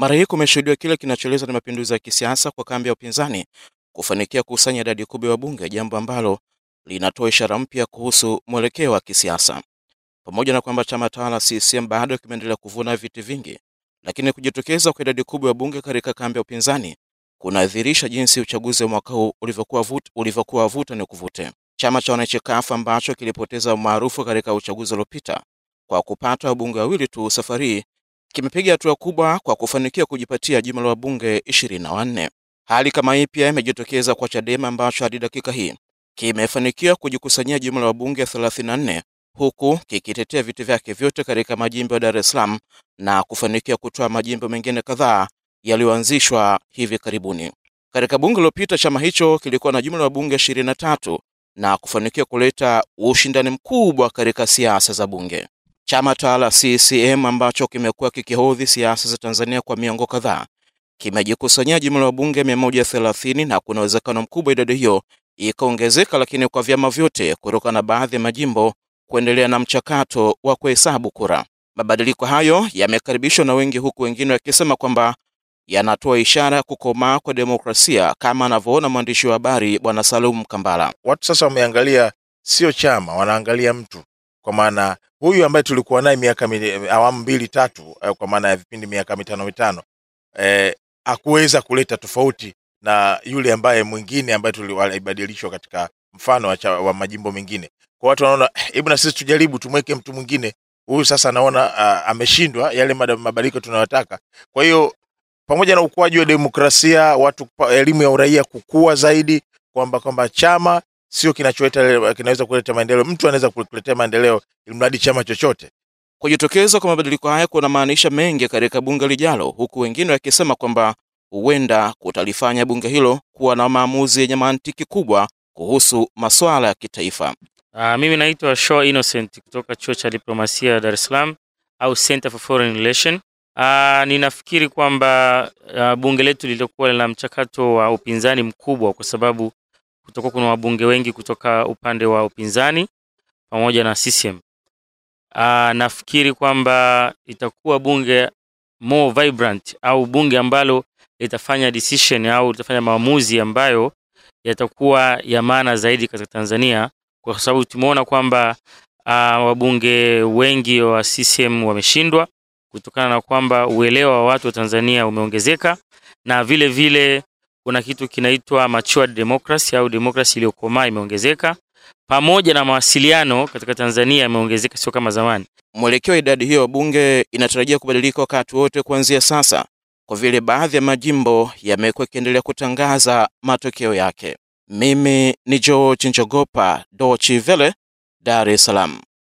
Mara hii kumeshuhudiwa kile kinachoelezwa ni mapinduzi ya kisiasa kwa kambi ya upinzani kufanikia kukusanya idadi kubwa ya wabunge, jambo ambalo linatoa ishara mpya kuhusu mwelekeo wa kisiasa. Pamoja na kwamba chama tawala CCM bado kimeendelea kuvuna viti vingi, lakini kujitokeza kwa idadi kubwa ya wabunge katika kambi ya upinzani kunadhihirisha jinsi uchaguzi wa mwaka huu ulivyokuwa ulivyokuwa vuta ni kuvute. Chama cha wananchi CUF ambacho kilipoteza umaarufu katika uchaguzi uliopita kwa kupata wabunge wawili tu, safari kimepiga hatua kubwa kwa kufanikiwa kujipatia jumla wabunge 24. Hali kama hii pia imejitokeza kwa Chadema ambacho hadi dakika hii kimefanikiwa kujikusanyia jumla wabunge 34 huku kikitetea viti vyake vyote katika majimbo ya Dar es Salaam na kufanikiwa kutoa majimbo mengine kadhaa yaliyoanzishwa hivi karibuni. Katika bunge lililopita, chama hicho kilikuwa na jumla ya bunge 23 na kufanikiwa kuleta ushindani mkubwa katika siasa za bunge. Chama tawala CCM ambacho kimekuwa kikihodhi siasa za Tanzania kwa miongo kadhaa kimejikusanyia jumla ya wabunge 130 na kuna uwezekano mkubwa idadi hiyo ikaongezeka, lakini kwa vyama vyote kutoka na baadhi ya majimbo kuendelea na mchakato wa kuhesabu kura. Mabadiliko hayo yamekaribishwa na wengi, huku wengine wakisema kwamba yanatoa ishara ya kukomaa kwa demokrasia, kama anavyoona mwandishi wa habari Bwana Salum Kambala. Watu sasa wameangalia sio chama, wanaangalia mtu kwa maana huyu ambaye tulikuwa naye miaka awamu mbili tatu, eh, kwa maana ya vipindi miaka mitano mitano, eh, hakuweza kuleta tofauti na yule ambaye mwingine ambaye tuliibadilishwa katika mfano wa, wa majimbo mengine. Kwa watu wanaona eh, hebu na sisi tujaribu tumweke mtu mwingine huyu, sasa anaona ah, ameshindwa yale mabadiliko tunayotaka. Kwa hiyo pamoja na ukuaji wa demokrasia, watu elimu ya uraia kukua zaidi, kwamba kwamba chama sio kinacholeta eh, kinaweza kuleta maendeleo. Mtu anaweza kuletea maendeleo ilimradi chama chochote. Kujitokeza kwa mabadiliko haya kunamaanisha mengi katika bunge lijalo, huku wengine wakisema kwamba huenda kutalifanya bunge hilo kuwa na maamuzi yenye mantiki kubwa kuhusu masuala ya kitaifa. Uh, mimi naitwa Shaw Innocent kutoka chuo cha diplomasia Dar es Salaam au Center for Foreign Relation. Uh, ah, ninafikiri kwamba uh, bunge letu lilikuwa lina mchakato wa upinzani mkubwa kwa sababu kutakuwa kuna wabunge wengi kutoka upande wa upinzani pamoja na CCM. Aa, ah, nafikiri kwamba itakuwa bunge more vibrant au bunge ambalo litafanya decision au litafanya maamuzi ambayo yatakuwa ya maana zaidi katika Tanzania, kwa sababu tumeona kwamba uh, wabunge wengi wa CCM wameshindwa kutokana na kwamba uelewa wa watu wa Tanzania umeongezeka na vile vile kuna kitu kinaitwa mature democracy au demokrasi iliyokomaa imeongezeka, pamoja na mawasiliano katika Tanzania yameongezeka, sio kama zamani. Mwelekeo wa idadi hiyo bunge inatarajia kubadilika wakati wote kuanzia sasa, kwa vile baadhi ya majimbo yamekuwa ikiendelea kutangaza matokeo yake. Mimi ni George Njogopa, Dochi Vele, Dar es Salaam.